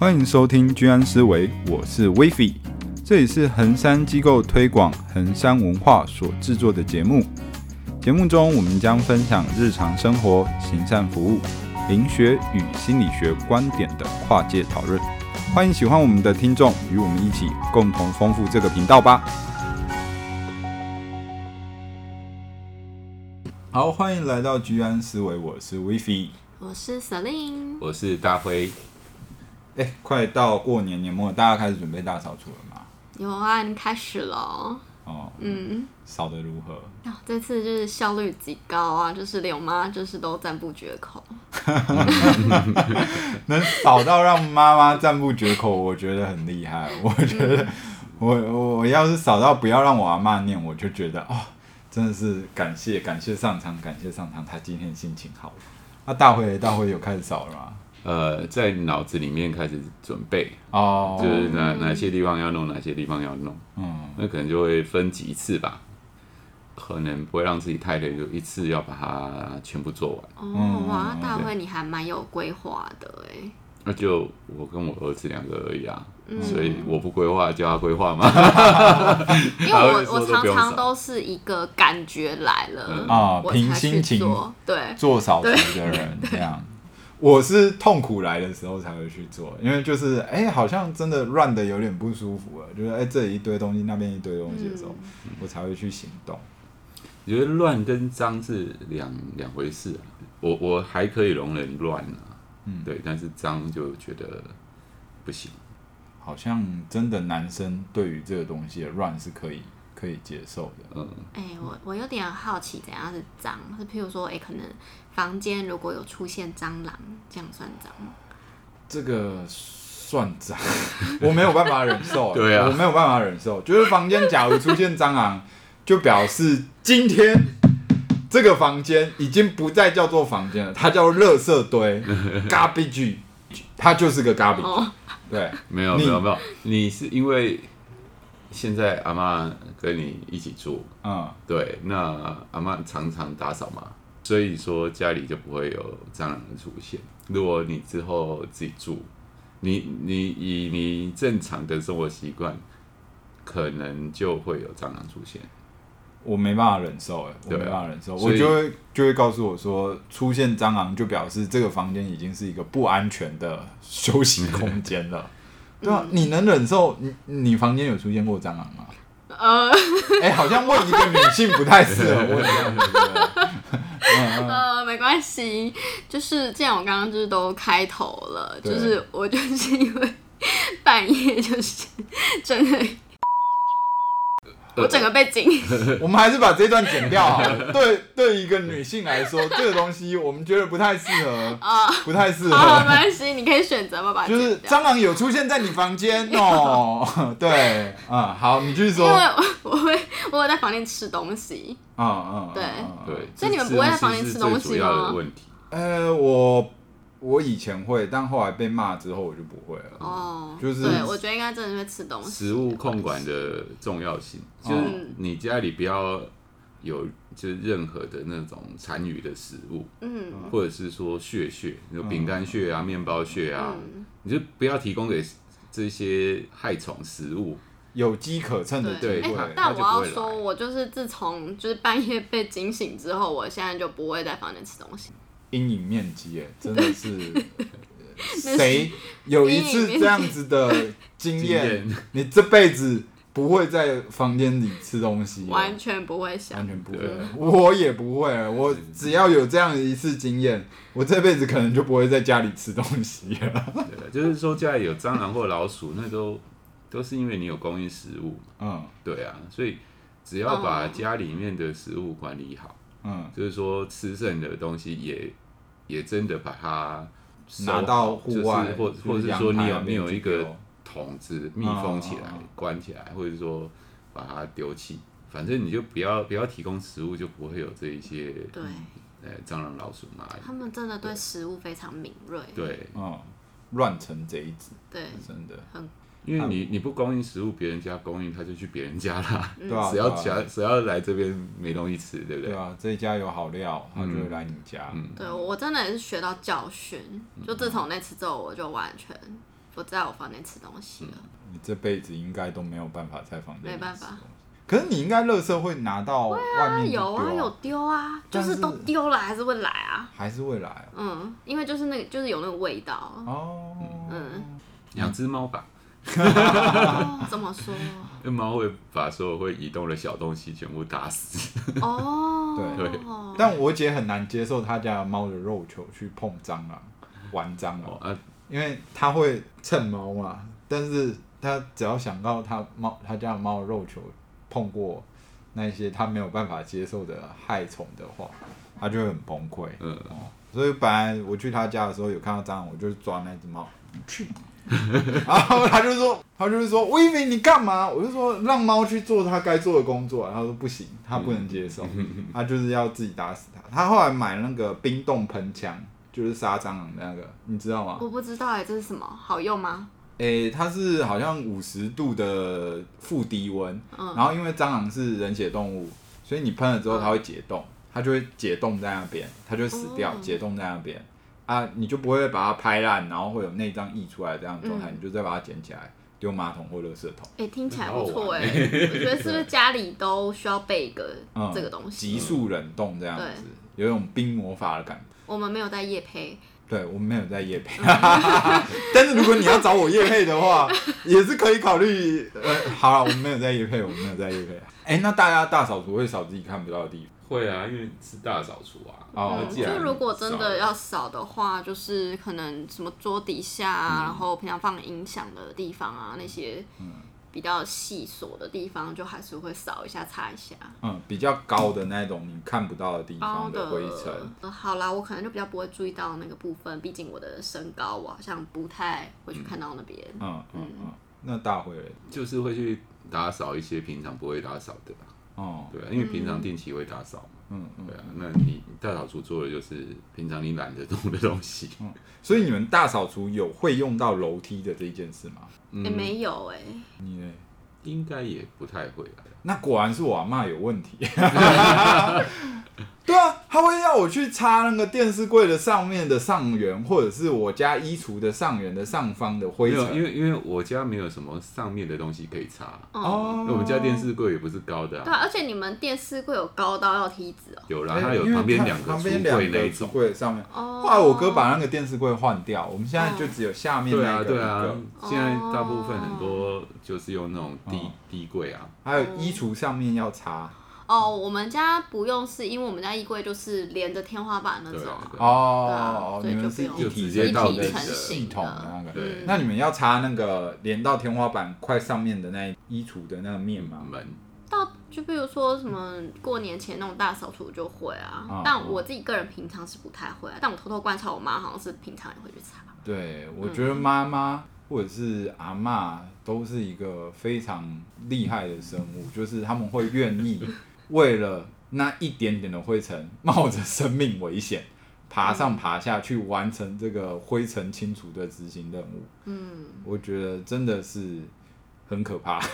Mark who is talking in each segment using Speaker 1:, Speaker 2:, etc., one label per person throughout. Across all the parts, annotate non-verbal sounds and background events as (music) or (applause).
Speaker 1: 歡迎收聽居安思維，我是威菲，這裡是衡山機構推廣衡山文化所制作的節目。節目中我們將分享日常生活、行善服務、靈學與心理學觀點的跨界討論。歡迎喜歡我們的聽眾，與我們一起共同豐富這個頻道吧。好，歡迎來到居安思維，我是威菲。
Speaker 2: 我是 Selin，
Speaker 1: 我是大輝。哎、欸，快到過年年末，大家開始準備大掃除了嗎？
Speaker 2: 有啊，你開始了。哦，嗯，
Speaker 1: 掃得如何、
Speaker 2: 啊？這次就是效率極高啊，就是連我媽就是都讚不絕口。
Speaker 1: (laughs) (laughs) 能掃到讓媽媽讚不絕口，我覺得很厲害。我覺得，我我要是掃到不要讓我阿媽念，我就覺得哦，真的是感謝感謝上蒼，感謝上蒼，他今天心情好那、啊、大輝大輝有開始掃了嗎？ (laughs)
Speaker 3: 呃，在腦子裡面開始準備哦，就是哪、嗯、哪些地方要弄，哪些地方要弄，嗯，那可能就會分幾次吧，可能不會讓自己太累，就一次要把它全部做完。哦，嗯、
Speaker 2: 哇，大會你還蠻有規劃的哎。那
Speaker 3: 就我跟我兒子兩個而已啊，嗯、所以我不規劃，叫他規劃嘛。嗯、 (laughs) (laughs) 因為我我常常
Speaker 2: 都是一個感覺來了啊，憑、嗯、心
Speaker 1: 情對做少題的人這樣。 (laughs) 我是痛苦來的時候
Speaker 3: 才會去做，因為
Speaker 1: 就是哎、欸，好像真的亂的有點不舒服了，就是哎、欸，這裡一堆東西，那邊一堆東西的時候，嗯、我才會去行動。
Speaker 3: 我覺得亂跟髒是兩兩回事、啊？我我還可以容忍亂、啊、嗯，對，但是髒就覺得不行。好像真的男生對於這個東
Speaker 1: 西的亂是可以。可以接受的，哎、嗯欸，我
Speaker 2: 我有點好奇，怎樣是髒？就譬如說，哎、欸，可能房間如果有出現蟑螂，這樣算髒嗎？
Speaker 1: 這個算髒，我沒有辦法忍受。 (laughs) 對啊，我沒有辦法忍受。就是房間假如出現蟑螂，就表示今天這個房間已經不再叫做房間了，它叫做垃圾堆，garbage， (laughs) 它就是個 garbage、哦。對，沒有沒有
Speaker 3: 沒有，你是因為。現在阿嬤，跟你一起住，嗯，對，那阿嬤常常打掃嘛，所以說家裡就不會有蟑螂出現。如果你之後自己住，你你以你，你正常的生活習慣，可能就會有蟑螂出現。
Speaker 1: 我沒辦法忍受哎、欸，我沒辦法忍受，我就會就會告訴我說，出現蟑螂就表示這個房間已經是一個不安全的休息空間了。 (laughs) 對啊，你能忍受你、嗯、你房間有出現過蟑螂嗎？
Speaker 2: 呃，哎、欸，好像
Speaker 1: 問一個女性不太適
Speaker 3: 合
Speaker 2: 問、 (laughs) (laughs) 呃。呃，沒關係，就是既然我剛剛就是都開頭了，就是我就是因為半夜就是真的。
Speaker 1: 我整個背景。我們還是把這段剪掉好了。對，對一個女性來說，這個東西我們覺得不太適合，啊、uh,，不太適合好好。沒關
Speaker 2: 係，你可以選擇，嘛，把就是蟑螂
Speaker 1: 有出現在你房間哦。 (laughs) (laughs) 對，啊、嗯，好，你繼續說。因為我會，我有在房間吃東西。啊、嗯、
Speaker 2: 啊、嗯，對對，所以你們不會在房間吃東西嗎？西
Speaker 1: 問題呃，我。我以前會，但後來被罵
Speaker 3: 之後，我就不會了。哦，就是對我
Speaker 2: 覺得應該真的是吃東西。食
Speaker 3: 物控管的重要性、嗯，就是你家裡不要有就是任何的那種殘餘的食物，嗯，或者是說屑屑，有餅乾屑啊、麵、嗯、包屑啊、嗯，你就不要提供給這些害蟲食物，有機可乘的對、欸、但我要說，
Speaker 2: 我就是自從就是半夜被驚醒之後，我現在就不會在房間吃東西。
Speaker 1: 陰影面積，哎，真的是，誰 (laughs) 有一次這樣子的經驗，你這輩子不會在房間裡吃東西，
Speaker 2: 完全不會想，完全不會，
Speaker 1: 我也不會， (laughs) 我只要有這樣一次經驗，我這輩子可能就不會在家裡吃東西
Speaker 3: 了。對，就是說家裡有蟑螂或老鼠， (laughs) 那都都是因為你有供應食物。嗯，對啊，所以只要把家裡面的食物管理好。哦嗯，就是說吃剩的東西也也真的把它拿到戶外，就是，或或者是說，你有沒有一個桶子，嗯，密封起來，嗯，關起來，嗯，或者說把它丟棄，反正你就不要不要提供食物，就不會有這一些對，嗯嗯欸，蟑螂老鼠嘛。他
Speaker 2: 們真的對食物非常敏銳，對，
Speaker 3: 亂，哦，成這一隻，對，真的很。因為你你不供應食物，別人家供應，他就去別人家啦。嗯、只要、嗯、只要只要來這邊、嗯、沒東西吃，對不對？對啊，這一家有好料，他就會來你家。嗯、
Speaker 1: 對
Speaker 2: 我真的也是學到教訓、嗯，就自從那次之後，我就完全不在我房間吃東西了。
Speaker 1: 嗯、你這輩子應該都沒有辦法在房間吃東西。沒辦法，可是你應該垃圾會拿到外面啊。對啊，有啊，有
Speaker 2: 丟啊，就是都丟了，還是會來啊？
Speaker 3: 還是會來、啊。
Speaker 2: 嗯，因為就是那個就是有那個味道
Speaker 3: 哦。嗯，兩只貓吧。哈哈哈哈哈！怎麼說、啊？因為貓會把所有會移動的小東西全部打死。哦， (laughs) 對，對。但
Speaker 1: 我姐很難接受她家的貓的肉球去碰蟑螂，玩蟑螂，哦啊、因為她會蹭貓嘛。但是她只要想到她貓，她家的貓肉球碰過那些她沒有辦法接受的害蟲的話，她就會很崩潰、嗯哦。所以本來我去她家的時候有看到蟑螂，我就抓那只貓、嗯、去。 (laughs) 然後他就說，他就會說，我以為你幹嘛？我就說， (music) 我就說讓貓去做它該做的工作、啊。他說不行，他不能接受，他就是要自己打死它。他後來買那個冰凍噴槍，就是殺蟑螂的那個，你知道嗎？我
Speaker 2: 不知道哎、欸，這是什麼？好用嗎？
Speaker 1: 哎、欸，它是好像五十度的負低溫、嗯，然後因為蟑螂是冷血動物，所以你噴了之後它會解凍、嗯，它就會解凍在那邊，它就會死掉。哦、解凍在那邊。啊，你就不會把它拍爛，然後會有內臟溢出來這樣狀態、嗯，你就再把它撿起來丟馬桶或垃圾桶。
Speaker 2: 哎、欸，聽起來不錯哎、欸，欸、 (laughs) 我覺得是不是家裡都需要備一個這個東西？急、嗯、速
Speaker 1: 冷凍這樣子，有一種冰魔法的感
Speaker 2: 覺。我們沒有在業配，
Speaker 1: 對，我們沒有在業配。嗯、 (laughs) 但是如果你要找我業配的話， (laughs) 也是可以考慮。呃、欸，好了，我們沒有在業配，我們沒有在業配。哎、欸，那大家大掃除會掃自己看不到的地方？
Speaker 3: 會啊，因
Speaker 1: 為是大掃除啊。嗯、哦。就、嗯、如果
Speaker 2: 真的要掃的話，就是可能什麼桌底下啊，嗯、然後平常放音響的地方啊，嗯、那些比較細瑣的地方，就還是會掃一下、擦一下。嗯，
Speaker 1: 比較高的那種你看不到的地方的灰塵、
Speaker 2: 呃。好啦，我可能就比較不會注意到那個部分，畢竟我的身高，我好像不太會去看到那邊。嗯嗯
Speaker 3: 嗯,嗯。那大會就是會去打掃一些平常不會打掃的吧。哦，對啊，因為平常定期會打掃嘛，嗯，對啊，那你大掃除做的就是平常你懶得動的東西，嗯，所以你們大掃除有會
Speaker 1: 用到樓梯的這一件事嗎？也、嗯欸、沒有哎、欸，你呢？也應該也不太會、啊那果然是我阿嬤有問題， (laughs) (laughs) 對啊，他會要我去擦那個電視櫃的上面的上緣，或者是我家衣櫥的上緣的
Speaker 3: 上方的灰塵，因為因為我家沒有什麼上面的東西可以擦哦，那我們家電視櫃也不是高的，啊，對，
Speaker 2: 啊，而且你們電視櫃有高到要梯子哦？
Speaker 3: 有啦，它有旁邊兩個櫥櫃，那種。櫥
Speaker 1: 櫃上面哦，後來我哥把那個電視櫃換掉，我
Speaker 3: 們現在就只有下面那個，那個，對啊對啊，現在大部分很多就是用那種低低櫃啊，還有一。衣櫥上面要擦？
Speaker 2: 哦、oh,，我們家不用，是因為我們家衣櫃就是連着天花板那種、啊。哦，對、
Speaker 1: 啊，對啊對啊 oh, 對啊 oh, 就你們是一體做到的系統的成的那個對。那你們要擦那個連到天花板塊上面的那一衣櫥的那個面嗎？
Speaker 3: 門、嗯？
Speaker 2: 到就比如說什麼過年前那種大掃除就會啊，oh, 但我自己個人平常是不太會、啊，但我偷偷觀察我媽，好像是平常也會去擦。
Speaker 3: 對，我覺得
Speaker 2: 媽
Speaker 1: 媽或者是阿嬤、嗯。都是一個非常厲害的生物，就是他們會願意為了那一點點的灰塵，冒着生命危險爬上爬下去完成這個灰塵清除的執行任務。嗯，我覺得真的是很可怕。
Speaker 2: (laughs)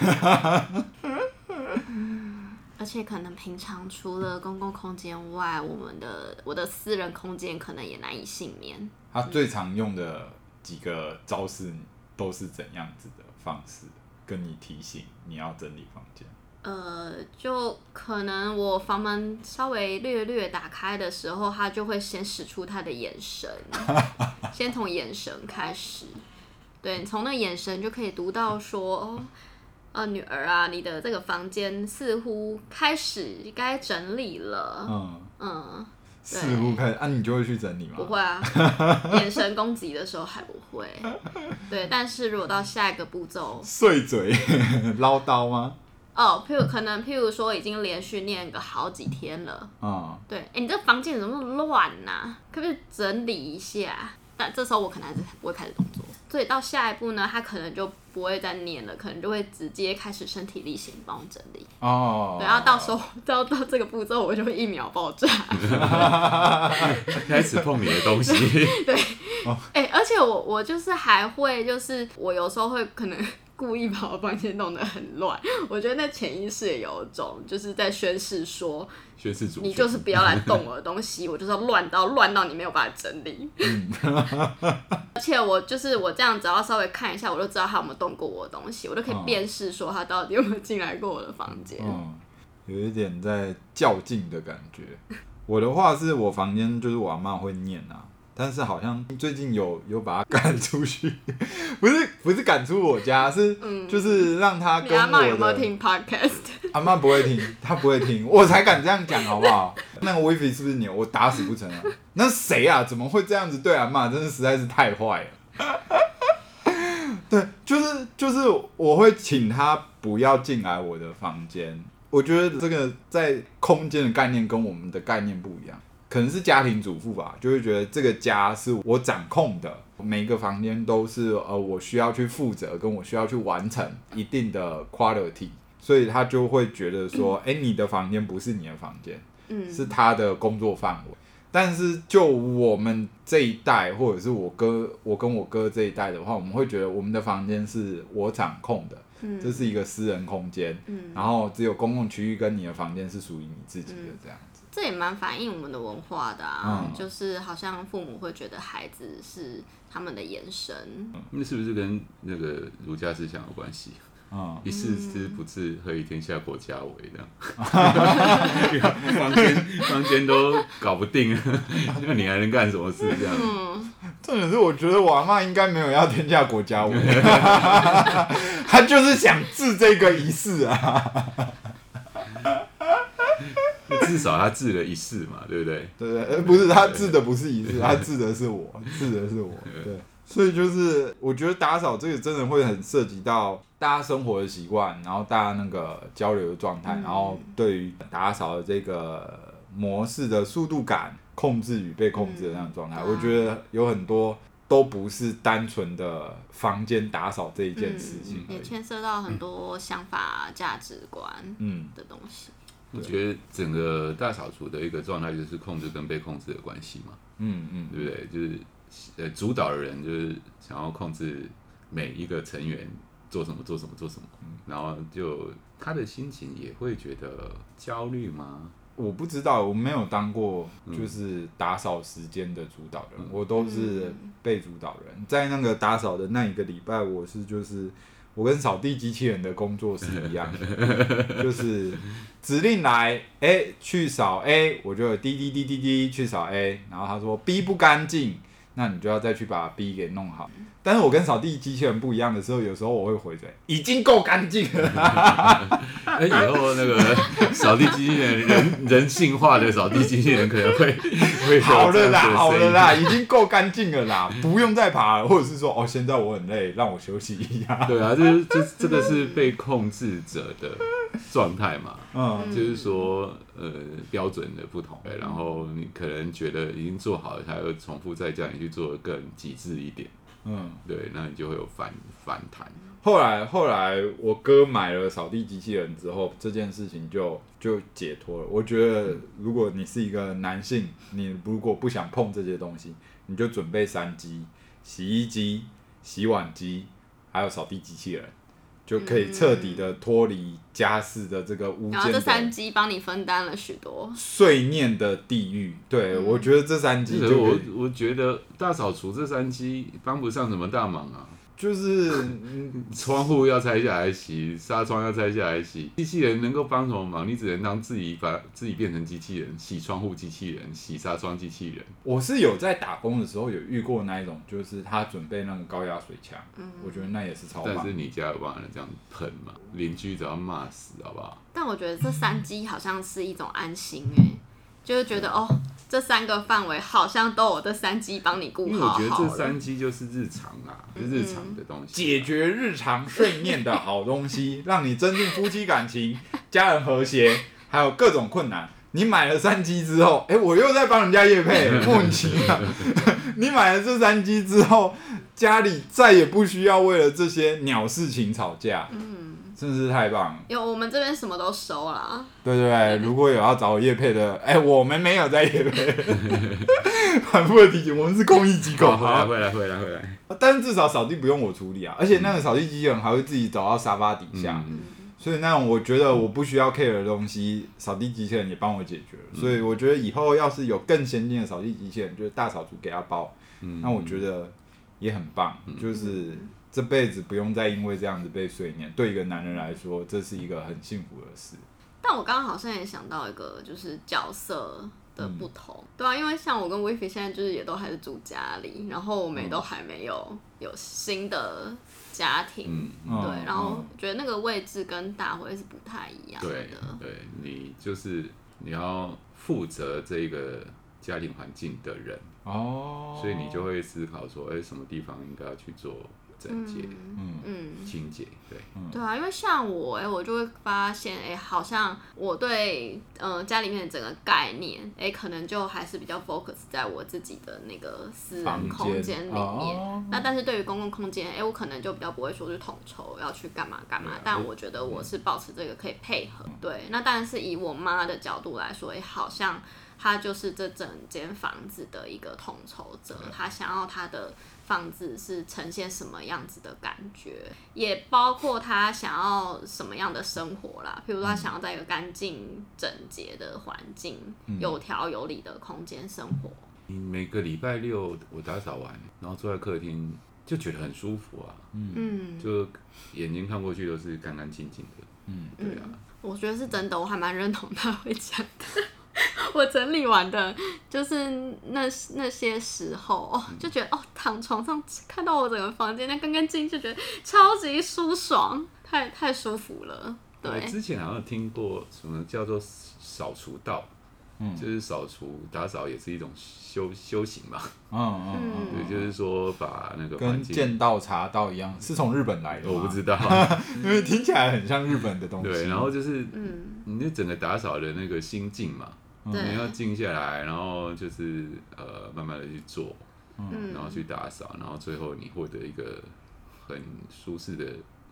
Speaker 2: 而且可能平常除了公共空間外，我們的我的私人空間可能也難以幸免。
Speaker 1: 他最常用的幾個招式都是怎樣子的？方式跟你提醒你要整理房間。
Speaker 2: 呃，就可能我房門稍微略略打開的時候，他就會先使出他的眼神， (laughs) 先從眼神開始。對，從那眼神就可以讀到說，哦，呃，女兒啊，你的這個房間似乎開始該整理了。嗯嗯。四步開
Speaker 1: 始啊，你就會去整理嗎？不會啊， (laughs)
Speaker 2: 眼神攻擊的時候還不會。對，但是如果到下一個步驟，
Speaker 1: 碎 (laughs) 睡嘴 (laughs) 嘮叨嗎？
Speaker 2: 哦，譬如可能譬如說已經連續念個好幾天了。
Speaker 1: 嗯、
Speaker 3: 哦，
Speaker 2: 對，哎、欸，你這房間怎麼那麼亂吶、啊？可不可以整理一下？但這時候我可能還是不會開始動作。所以到下一步呢，他可能就不會再念了，可能就會直接開始身體力行幫我整理
Speaker 3: 哦。Oh. 然後
Speaker 2: 到時候到到這個步驟，我就會一秒爆炸，
Speaker 1: (laughs) (laughs) 開始碰你的
Speaker 3: 東
Speaker 2: 西。對，哎、欸，而且我我就是還會，就是我有時候會可能。故意把我房間弄得很亂，我覺得那潛意識也有種，就是在宣示說，
Speaker 3: 你就是不要來動我的
Speaker 2: 東西， (laughs) 我就是要亂到亂到你沒有辦法整理。嗯、 (laughs) (laughs) 而且我就是我這樣，只要稍微看一下，我就知道他有沒有動過我的東西，我都可以辨識說他到底有沒有進來過我
Speaker 1: 的房間。嗯嗯，有一點在較勁的感覺。 (laughs) 我的話是我房間就是我阿嬤會念啊。但是好像最近有有把他趕出去， (laughs) 不是不是趕出我家，是就是讓他跟我。嗯、阿嬤有沒有聽
Speaker 2: Podcast？
Speaker 1: 阿嬤不會聽，她不會聽， (laughs) 我才敢這樣講，好不好？ (laughs) 那個 WiFi 是不是你？我打死不成啊！那誰啊？怎麼會這樣子對阿嬤？真的實在是太壞了。 (laughs) 對，就是就是我會請他不要進來我的房間。我覺得這個在空間的概念跟我們的概念不一樣。可能是家庭主婦吧，就會覺得這個家是我掌控的，每一個房間都是呃我需要去負責，跟我需要去完成一定的 quality，所以他就會覺得說，哎，嗯，欸，你的房間不是你的房間，嗯，是他的工作範圍，嗯。但是就我們這一代，或者是我哥，我跟我哥這一代的話，我們會覺得我們的房間是我掌控的，嗯，這是一個私人空間，嗯，然後只有公共區域跟你的房間是屬於你自己的這樣。嗯。
Speaker 2: 這也蠻反映我們的文化的啊、嗯，就是好像父母會覺得孩子是他們的延伸。嗯、
Speaker 3: 那是不是跟那個儒家思想有關係啊、嗯？一室之不治，何以天下國家為？這樣，啊、 (laughs) (laughs) (laughs) 房間 (laughs) 房間都搞不定，那 (laughs) 你還能幹什麼事？這樣，嗯，
Speaker 1: 嗯重點是我覺得我媽應該沒有要天下國
Speaker 3: 家為，她，
Speaker 1: (laughs) (laughs) (laughs) 就是想治這個一室啊。 (laughs)
Speaker 3: 至少他治了一室嘛，對不對？對，不是，他治的不是一室，他治的是我， (laughs) 治的是我。對，
Speaker 1: 所以就是我覺得打掃這個真的會很涉及到大家生活的習慣，然後大家那個交流的狀態，嗯、然後對於打掃的這個模式的速度感、控制與被控制的那種狀態，嗯、我覺得有很多都不是單純的
Speaker 3: 房間打掃這一件事情，也牽
Speaker 2: 涉到很多想法、嗯、價值觀嗯的東西。
Speaker 3: 我覺得整個大掃除的一個狀態就是控制跟被控制的關係嘛，嗯嗯，對不對？就是呃主導的人就是想要控制每一個成員做什麼做什麼做什麼，嗯、然後就他的心情也會覺得焦慮嗎？我不知道，我沒有當過就是
Speaker 1: 打掃時間的主導人、嗯，我都是被主導人，嗯、在那個打掃的那一個禮拜，我是就是。我跟掃地機器人的工作是一樣的， (laughs) 就是指令來，哎、欸，去掃 A，我就有滴滴滴滴滴去掃 A，然後他說 B 不乾淨，那你就要再去把 B 給弄好。但是我跟掃地機器人不一樣的時候，有時候我會回嘴，已經夠乾淨了、 (laughs)
Speaker 3: 欸。以後那個掃地機器人人 (laughs) 人、人性化的掃地機器人可能會會說：“好了啦，好了啦，已
Speaker 1: 經夠乾淨了啦， (laughs) 不用再爬了。”或者是說：“哦，現在我很累，讓我休息一下。”對啊，就這這個是
Speaker 3: 被控制者的狀態嘛。嗯， (laughs) 就是說呃標準的不同，欸嗯，然後你可能覺得已經做好了，才會重複再叫你去做的更極致一點。嗯，對，那你就會有反反彈。後來，後來我哥買了掃地機器人之後，
Speaker 1: 這件事情就就解脫了。我覺得，如果你是一個男性，你如果不想碰這些東西，你就準備三機：洗衣機、洗碗機，還有掃地機器人。就可以徹底的脫離家事
Speaker 3: 的這個無間、嗯嗯，然後這三
Speaker 2: 機幫你分擔了許多
Speaker 3: 碎念的地獄。對、嗯、我覺得這三機，就是，其實我我覺得大掃除這三機幫不上什麼大忙啊。就是嗯，窗戶要拆下來洗，紗窗要拆下來洗。機器人能夠幫什麼忙？你只能讓自己把自己變成機器人，洗窗戶機器人，洗紗窗機器人。我是有在打工的時候有遇過那一種，就是他準備那個高壓水槍，嗯，我覺得那也是超棒。但是你家有辦法這樣噴嗎？鄰居只要罵死，好不好？
Speaker 2: 但我覺得這三 G 好像是一種安心欸。嗯。就是覺得哦，這三個範圍好像都有這三機幫你顧好，好。因為我覺
Speaker 3: 得這三機就是日常啊，嗯、日
Speaker 1: 常的東西、啊，解決日常睡眠的好東西， (laughs) 讓你增進夫妻感情、 (laughs) 家人和諧，還有各種困難。你買了三機之後，哎，我又在幫人家業配，莫名其妙，你買了這三機之後，家裡再也不需要為了這些鳥事情吵架。嗯。 (laughs) 真是，是太棒
Speaker 2: 了！有我們這邊什麼都收了。
Speaker 1: 對對對， (laughs) 如果有要找我業配的，哎、欸，我們沒有在業配， (laughs) (laughs) 反覆的提醒，我們是公益機構。好、哦，來回來回來回來！但是至少掃地不用我處理啊，嗯、而且那個掃地機器人還會自己走到沙發底下、嗯，所以那種我覺得我不需要 care 的東西，掃、嗯、地機器人也幫我解決了、嗯。所以我覺得以後要是有更先進的掃地機器人，就是大掃除給他包、嗯，
Speaker 3: 那我覺
Speaker 1: 得也很棒，嗯、就是。這輩子不用再因為這樣子被碎念，對一個男人來說，這是一個很幸福的
Speaker 3: 事。
Speaker 2: 但我剛剛好像也想到一個，就是角色的不同、嗯。對啊，因為像我跟 Vivi 現在就是也都還是住家裡，然後我們也都還沒有、嗯、有新的家庭，嗯、對、嗯，然後覺得那個位置跟大會是不太一
Speaker 3: 樣的。對，對，你就是你要負責這一個家庭環境的人哦，所以你就會思考說，哎，什麼地方應該要去做。
Speaker 2: 整潔、嗯，嗯，
Speaker 3: 清潔，
Speaker 2: 對、嗯，對啊，因為像我，哎、欸，我就會發現，哎、欸，好像我對，嗯、呃，家裡面的整個概念，哎、欸，可能就還是比較 focus 在我自己的那個私人空間裡面、哦。那但是對於公共空間，哎、欸，我可能就比較不會說去統籌要去幹嘛幹嘛、啊，但我覺得我是保持這個可以配合。嗯、對，那但是以我媽的角度來說，也、欸、好像她就是這整間房子的一個統籌者，她想要她的。房子是呈現什麼樣子的感覺，也包括他想要什麼樣的生活啦。比如說，他想要在一個乾淨整潔的環境、嗯、有條有理的空間生
Speaker 3: 活。你每個禮拜六我打掃完，然後坐在客廳就覺得很舒服啊。嗯，就眼睛看過去都是乾乾淨淨的。嗯，對
Speaker 2: 啊，我覺得是真的，我還蠻認同他會講的。 (laughs) (laughs) 我整理完的，就是那那些時候，哦、就覺得哦，躺床上看到我整個房間那乾干淨淨，就覺得超級舒爽，太太舒服了。對，之前好像
Speaker 3: 聽過什麼叫做掃除道，嗯、就是掃除打掃也是一種修修行嘛。嗯嗯嗯，對，就是說把那個跟劍道、茶道一樣，
Speaker 1: 是從日本來的。我不知道， (laughs) 因為聽起來很
Speaker 3: 像日本的東西。對，然後就是，嗯，你整個打掃的那個心境嘛。你、嗯、要靜下來，然後就是呃慢慢的去做、嗯，然後去打掃，然後最後你獲得一個很舒適的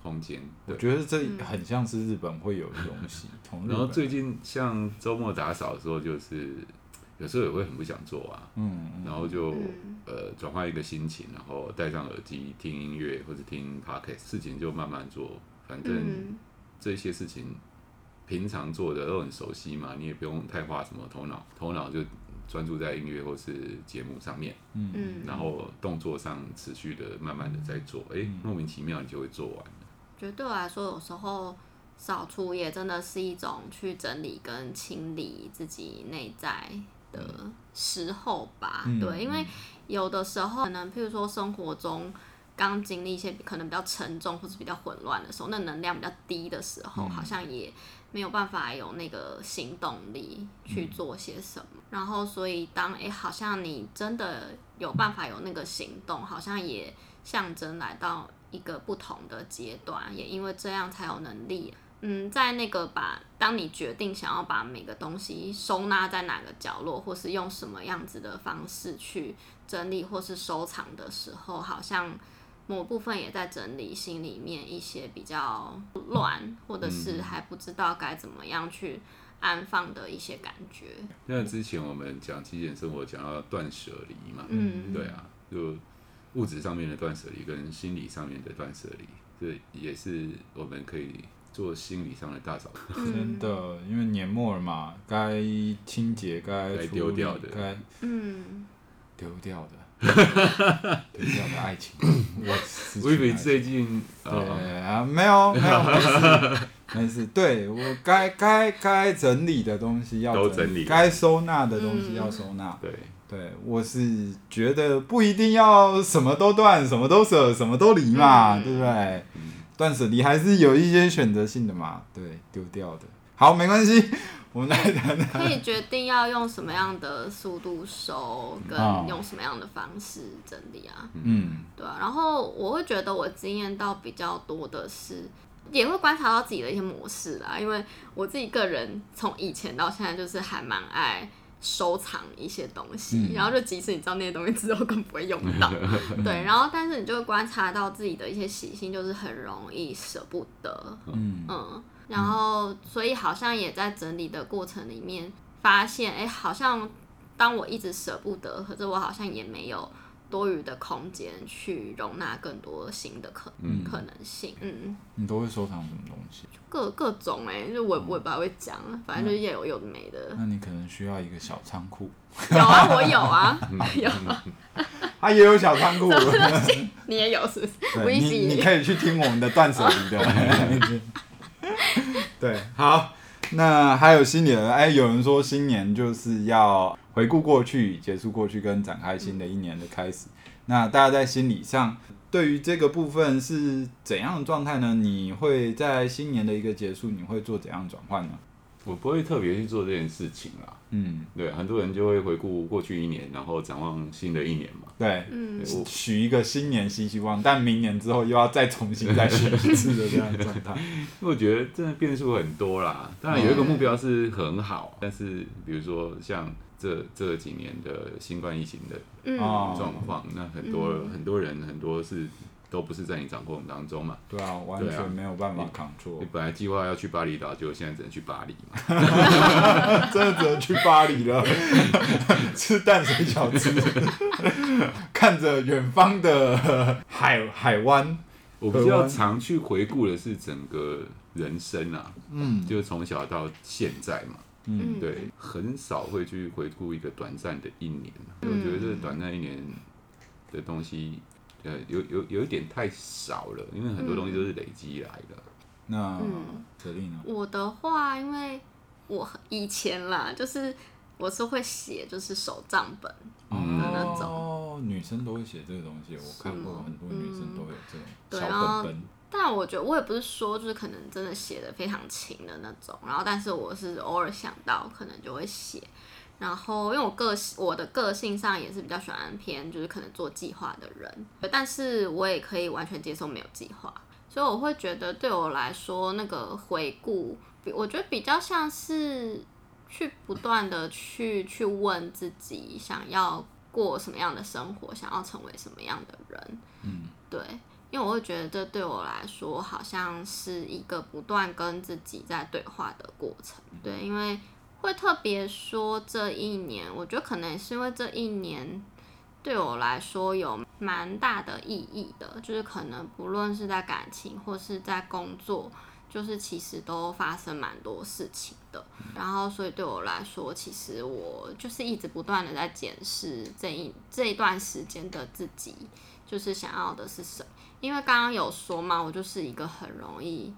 Speaker 3: 空間。我覺得這很像是日本會有的東西。 (laughs) 然後最近像週末打掃的時候，就是有時候也會很不想做啊，嗯、然後就、嗯、呃轉換一個心情，然後戴上耳機聽音樂或者聽 Podcast，事情就慢慢做，反正這些事情。平常做的都很熟悉嘛，你也不用太花什麼頭腦，頭腦就專注在音樂或是節目上面，嗯，然後動作上持續的慢慢的在做，嗯，欸，莫名其妙你就會做完了。
Speaker 2: 覺得對我來說，有時候掃除也真的是一種去整理跟清理自己內在的時候吧，嗯，對，因為有的時候可能譬如說生活中。剛經歷一些可能比較沉重或是比較混亂的時候，那能量比較低的時候，好像也沒有辦法有那個行動力去做些什麼。嗯、然後，所以當哎、欸，好像你真的有辦法有那個行動，好像也象徵來到一個不同的階段，也因為這樣才有能力，嗯，在那個把當你決定想要把每個東西收納在哪個角落，或是用什麼樣子的方式去整理或是收藏的時候，好像。我部分也在整理心裡面一些比較亂，或者是還不知道該怎麼樣去安放的一些感覺。那，
Speaker 3: 嗯嗯嗯嗯、之前我們講極簡生活，講到斷捨離嘛，嗯，對啊，就物質上面的斷捨離跟心理上面的斷捨離，這也是我們可以做心理上的大掃除。真的，嗯、 (laughs) 因為年末了嘛，該清潔該丟掉的，該嗯，丟掉的。哈哈哈！斷掉的愛情，我以為最近對 (laughs) 啊，沒有沒有，沒事 (laughs) 沒事。對，我
Speaker 1: 該該該整理的東西要整理，該收納的東西要收納。對、嗯、對，我是覺得不一定要什麼都斷，什麼都捨，什麼都離嘛、嗯，對不對？斷捨離還是有一些選擇性的嘛。對，丟掉的好，沒關係。我可以
Speaker 2: 決定要用什麼樣的速度收，跟用什麼樣的方式整理啊。嗯，對啊。然後我會覺得我經驗到比較多的是，也會觀察到自己的一些模式啦。因為我自己個人從以前到現在，就是還蠻愛收藏一些東西，嗯，然後就即使你知道那些東西之後更不會用到， (laughs) 對。然後但是你就會觀察到自己的一些習性，就是很容易捨不得。嗯嗯。嗯、然後，所以好像也在整理的過程裡面發現，哎、欸，好像當我一直捨不得，可是我好像也沒有多餘的空間去容納更多新
Speaker 1: 的可、嗯、可
Speaker 2: 能性。嗯。
Speaker 1: 你都會收藏什麼東西？
Speaker 2: 各各種哎、欸，就我、嗯、我也不太會講，反正就是也有有的沒的。
Speaker 1: 那你可能需要一個小倉庫。 (laughs) 有啊，我有啊， (laughs) 有啊 (laughs) 他也有小倉庫 (laughs) 東。
Speaker 2: (laughs) 你也有是不是？你你可
Speaker 1: 以去聽我們的斷捨離的。 (laughs) (laughs) (laughs) (laughs) (laughs) 對，好，那還有新年，哎，有人說新年就是要回顧過去，結束過去，跟展開新的一年的開始。嗯、那大家在心理上對於這個部分是怎樣的狀態呢？你會在新年的一個結束，你會做怎樣轉
Speaker 3: 換呢？我不會特別去做這件事情啦。嗯，對，很多人就會回顧過去一年，然後展望新的一年嘛。
Speaker 1: 對，嗯，許一個新年新希望，但明年之
Speaker 3: 後又要再重新再許一次的這樣的狀態。因 (laughs) 為我覺得真的變數很多啦，嗯。當然有一個目標是很好，嗯、但是比如說像這這幾年的新冠疫情的狀況，嗯，那很多、嗯、很多人很多是。都不是在你掌控當中嘛？對啊，完全沒有辦法扛住。你、啊欸欸、本來計劃要去巴厘島，結果現在只能去巴黎 (laughs) 真的只能去巴黎了， (laughs) 吃淡
Speaker 1: 水小吃， (laughs) (laughs) 看着遠方的海海灣。
Speaker 3: 我比較常去回顧的是整個人生啊，嗯，就從小到現在嘛，嗯，對，很少會去回顧一個短暫的一年。嗯、我覺得這短暫一年的東西。呃，有有有一點太少了，因為很多東西都是累積來的。嗯，那嗯，
Speaker 2: 我的話，因為我以前啦，就是我是會寫，就是手賬本
Speaker 1: 的那種。哦，女生都會寫這個東西，我看過很多女生都有這種小本本。嗯、
Speaker 2: 對啊，但我覺得我也不是說就是可能真的寫的非常勤的那種，然後但是我是偶爾想到可能就會寫。然後，因為我個，我的個性上也是比較喜歡偏，就是可能做計劃的人，但是我也可以完全接受沒有計劃，所以我會覺得對我來說，那個回顧，我覺得比較像是去不斷的去去問自己，想要過什麼樣的生活，想要成為什麼樣的人，嗯，對，因為我會覺得這對我來說好像是一個不斷跟自己在對話的過程，對，因為。會特別說這一年，我覺得可能也是因為這一年對我來說有蠻大的意義的，就是可能不論是在感情或是在工作，就是其實都發生蠻多事情的。然後，所以對我來說，其實我就是一直不斷的在檢視這一這一段時間的自己，就是想要的是誰。因為剛剛有說嘛，我就是一個很容易。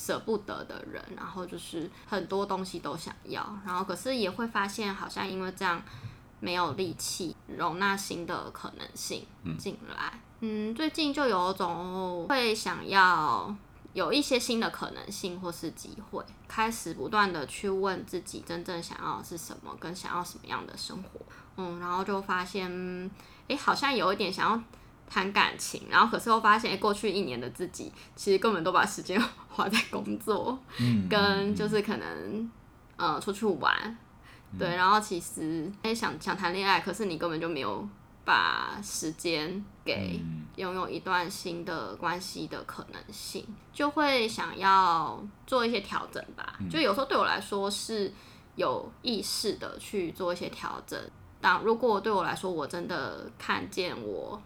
Speaker 2: 捨不得的人，然後就是很多東西都想要，然後可是也會發現好像因為這樣，沒有力氣容納新的可能性進來。嗯，最近就有種會想要有一些新的可能性或是機會，開始不斷的去問自己真正想要的是什麼，跟想要什麼樣的生活。嗯，然後就發現，哎、欸，好像有一點想要。談感情，然後可是又發現、欸，過去一年的自己其實根本都把時間 (laughs) 花在工作，跟就是可能，呃，出去玩，對，然後其實、欸、想想談戀愛，可是你根本就沒有把時間給擁有一段新的關係的可能性，就會想要做一些調整吧。就有時候對我來說是有意識的去做一些調整，但如果對我來說，我真的看見我。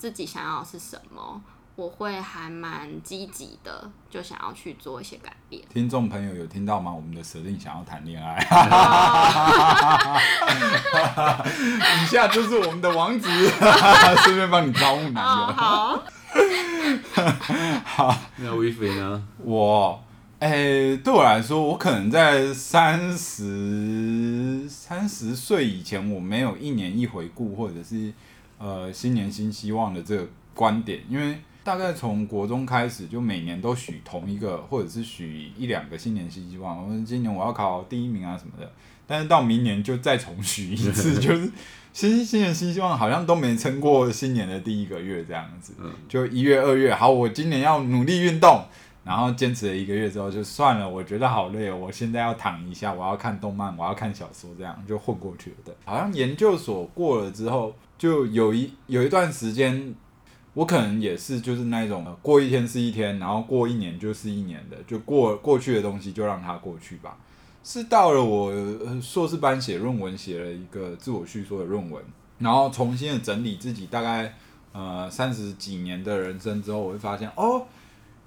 Speaker 2: 自己想要的是什麼，我會還蠻積極的，就想要去做一些改變。
Speaker 1: 聽眾朋友有聽到嗎？我們的舍令想要談戀愛，哦、 (laughs) (laughs) (laughs) 以下就是我們的王子，順 (laughs) (laughs) 便幫你招募你、哦。好， (laughs) 好那威飛呢？我，哎、欸，對我來說，我可能在三十、三十歲以前，我沒有一年一回顧，或者是。呃，新年新希望的這個觀點，因為大概從國中開始，就每年都許同一個或者是許一兩個新年新希望，我說今年我要考第一名啊什麼的，但是到明年就再重許一次，就是新新年新希望好像都沒撐過新年的第一個月這樣子，就一月二月。好，我今年要努力運動，然後堅持了一個月之後就算了，我覺得好累哦，我現在要躺一下，我要看動漫，我要看小說，這樣就混過去了，對。好像研究所過了之後。就有一有一段時間，我可能也是就是那種過一天是一天，然後過一年就是一年的，就過過去的東西就讓它過去吧。是到了我碩士班寫論文，寫了一個自我敘說的論文，然後重新整理自己大概呃三十幾年的人生之後，我會發現哦。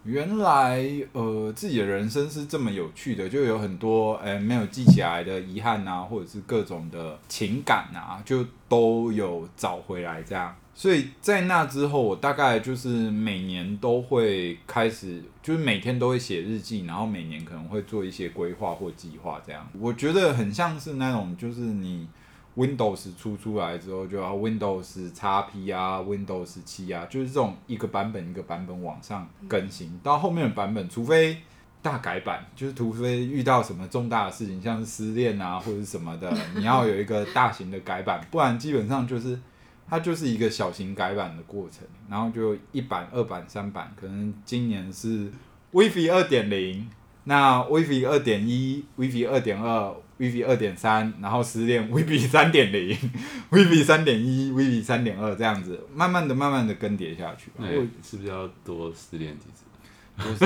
Speaker 1: 原來，呃，自己的人生是這麼有趣的，就有很多，哎、欸，沒有記起來的遺憾吶、啊，或者是各種的情感吶、啊，就都有找回來這樣。所以在那之後，我大概就是每年都會開始，就是每天都會寫日記，然後每年可能會做一些規劃或計劃這樣。我覺得很像是那種，就是你。Windows 出出來之後就要 XP、啊，就 Windows XP 啊，Windows 七啊，就是這種一個版本一個版本往上更新、嗯。到後面的版本，除非大改版，就是除非遇到什麼重大的事情，像是失戀啊或者什麼的，你要有一個大型的改版，不然基本上就是它就是一個小型改版的過程。然後就一版、二版、三版，可能今年是 Vivi 二點零，那 Vivi 二點一 Vivi 二點二。vivo 二點三，然後失戀 vivo 三點零，vivo 三點一 vivo 三點二這樣子，慢慢的、慢慢的更迭下去、欸我，
Speaker 3: 是不是要多失戀幾次？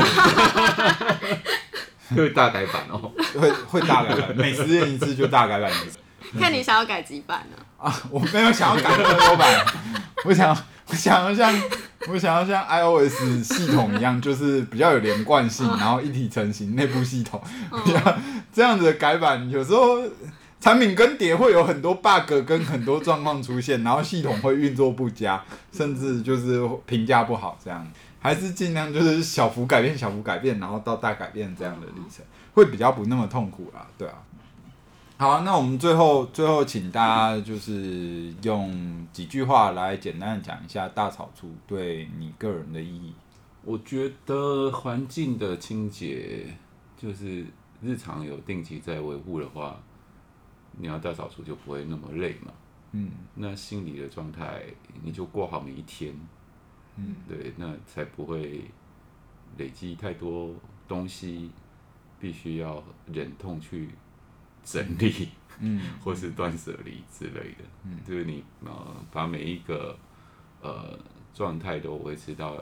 Speaker 1: 會 (laughs) 要 (laughs) 大改版哦，
Speaker 3: 會
Speaker 1: 會大改版， (laughs) 每失戀一次就大改版一次。看
Speaker 2: 你想要改幾版呢、啊嗯？
Speaker 1: 啊，我沒有想要改很多版， (laughs) 我想要，我想要像我想要像 iOS 系統一樣，就是比較有連貫性， (laughs) 然後一體成型內 (laughs) 部系統比較。 (laughs) 這樣子的改版，有時候產品更迭會有很多 bug，跟很多狀況出現，然後系統會運作不佳，甚至就是評價不好。這樣還是盡量就是小幅改變、小幅改變，然後到大改變這樣的歷程，會比較不那麼痛苦啦。對啊。好啊，那我們最後最後，請大家就是用幾句話來簡單的講一下大掃除對你個人的意義。
Speaker 3: 我覺得環境的清潔就是。日常有定期在維護的話，你要大掃除就不會那麼累嘛。嗯，那心理的狀態你就過好每一天，嗯，對，那才不會累積太多東西，必須要忍痛去整理，嗯，嗯嗯或是斷捨離之類的。嗯，就是你呃把每一個呃狀態都維持到，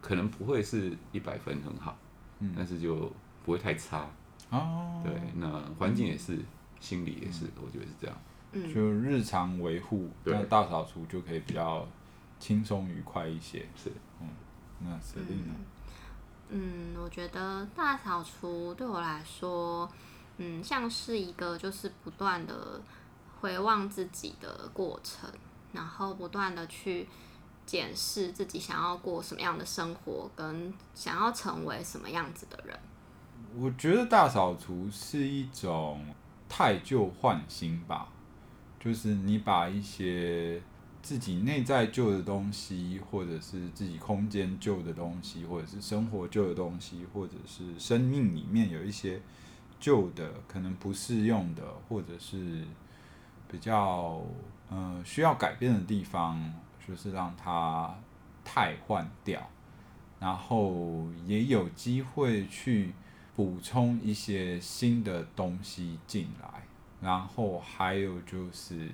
Speaker 3: 可能不會是一百分很好，嗯，但是就不會太差。哦、oh，對，那環境也是、嗯，心理也是、嗯，我覺得是這樣。嗯，就日常維護、嗯，那大掃除就可以比較輕鬆愉快一些。是，嗯，那
Speaker 1: 是
Speaker 2: 的。嗯，我覺得大掃除對我來說，嗯，像是一個就是不斷的回望自己的過程，然後不斷的去檢視自己想要過什麼樣的生活，跟想要成為什麼樣子的
Speaker 1: 人。我覺得大掃除是一種汰舊換新吧，就是你把一些自己內在舊的東西，或者是自己空間舊的東西，或者是生活舊的東西，或者是生命裡面有一些舊的，可能不適用的，或者是比較嗯、呃、需要改變的地方，就是讓它汰換掉，然後也有機會去。補充一些新的東西進來，然後還有就是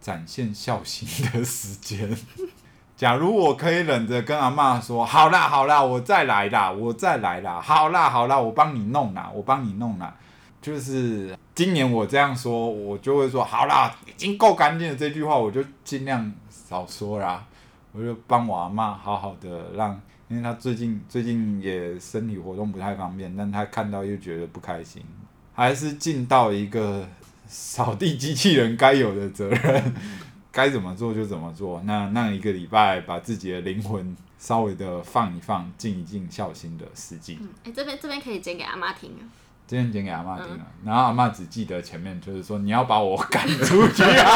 Speaker 1: 展現孝心的時間。 (laughs) 假如我可以忍着跟阿媽說：“好啦，好啦，我再來啦，我再來啦，好啦，好啦，我幫你弄啦，我幫你弄啦。”就是今年我這樣說，我就會說：“好啦，已經夠乾淨的”。這句話我就盡量少說啦，我就幫我阿媽好好的讓。因為他最近最近也身體活動不太方便，但他看到又覺得不開心，還是盡到一個掃地機器人該有的責任，該、嗯、怎麼做就怎麼做。那那一個禮拜把自己的靈魂稍微的放一放，盡一盡，孝心的時機。哎、嗯
Speaker 2: 欸，這邊這邊可以講給阿媽聽、啊。
Speaker 1: 今天剪給阿媽聽了，嗯，然後阿媽只記得前面，就是說你要把我趕出去啊，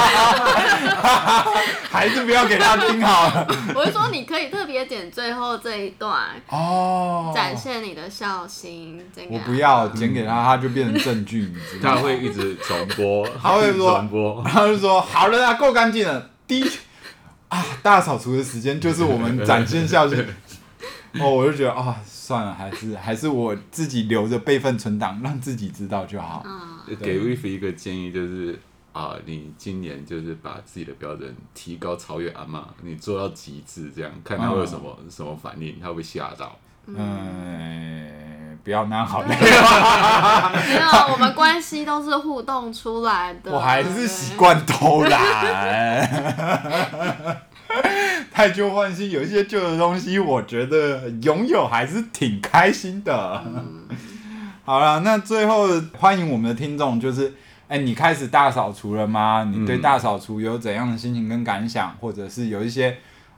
Speaker 1: (laughs) (laughs) 還是不要給他聽好了。我就說，
Speaker 2: 你可以特別剪最後這一段，哦，
Speaker 1: 展
Speaker 2: 現你的孝心。我
Speaker 1: 不要剪給他，他就變成證據，
Speaker 3: 嗯他他，他會一直重播，他會說，他
Speaker 1: 就說，好了啊，夠乾淨了，第一啊大掃除的時間就是我們展現孝心。 (laughs) 哦，我就覺得啊。算了，還是還是我自己留着備份存檔，讓自己知道就好。嗯、給威夫
Speaker 3: 一個建議就是啊、呃，你今年就是把自己的標準提高超越阿媽，你做到極致，這樣看他會有什麼、嗯、什麼反應，他會嚇到。哎、嗯嗯，不要那樣好， (laughs) (laughs) 沒有，我們
Speaker 2: 關係都是互動出來的。我還是習慣偷
Speaker 1: 懶。 (laughs) 汰舊換新，有一些舊的東西，我覺得擁有還是挺開心的。嗯、 (laughs) 好了，那最後歡迎我們的聽眾，就是哎、欸，你開始大掃除了嗎？你對大掃除有怎樣的心情跟感想？嗯、或者是有一些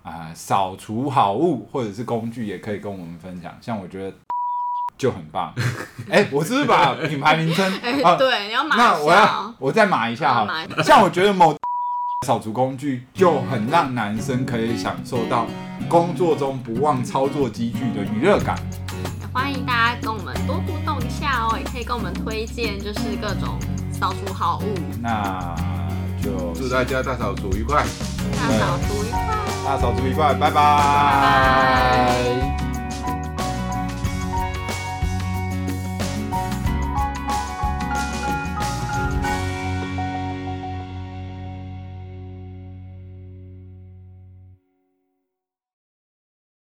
Speaker 1: 啊，呃、掃除好物或者是工具，也可以跟我們分享。像我覺得 (laughs) 就很棒、 (laughs) 欸。我是不是把品牌名稱？哎、欸呃，對，
Speaker 2: 你要碼一下、哦。那我要我
Speaker 1: 再碼一下好了，我一下像我覺得某。 (laughs) 掃除工具就很讓男生可以享受到工作中不忘操作機具的娛樂感。
Speaker 2: 歡迎大家跟我們多互動一下哦，也可以跟我們推薦就是各種掃除好物、嗯。
Speaker 1: 那就祝大家大掃除愉快！嗯、大掃除愉快！嗯、大掃除愉快！拜拜。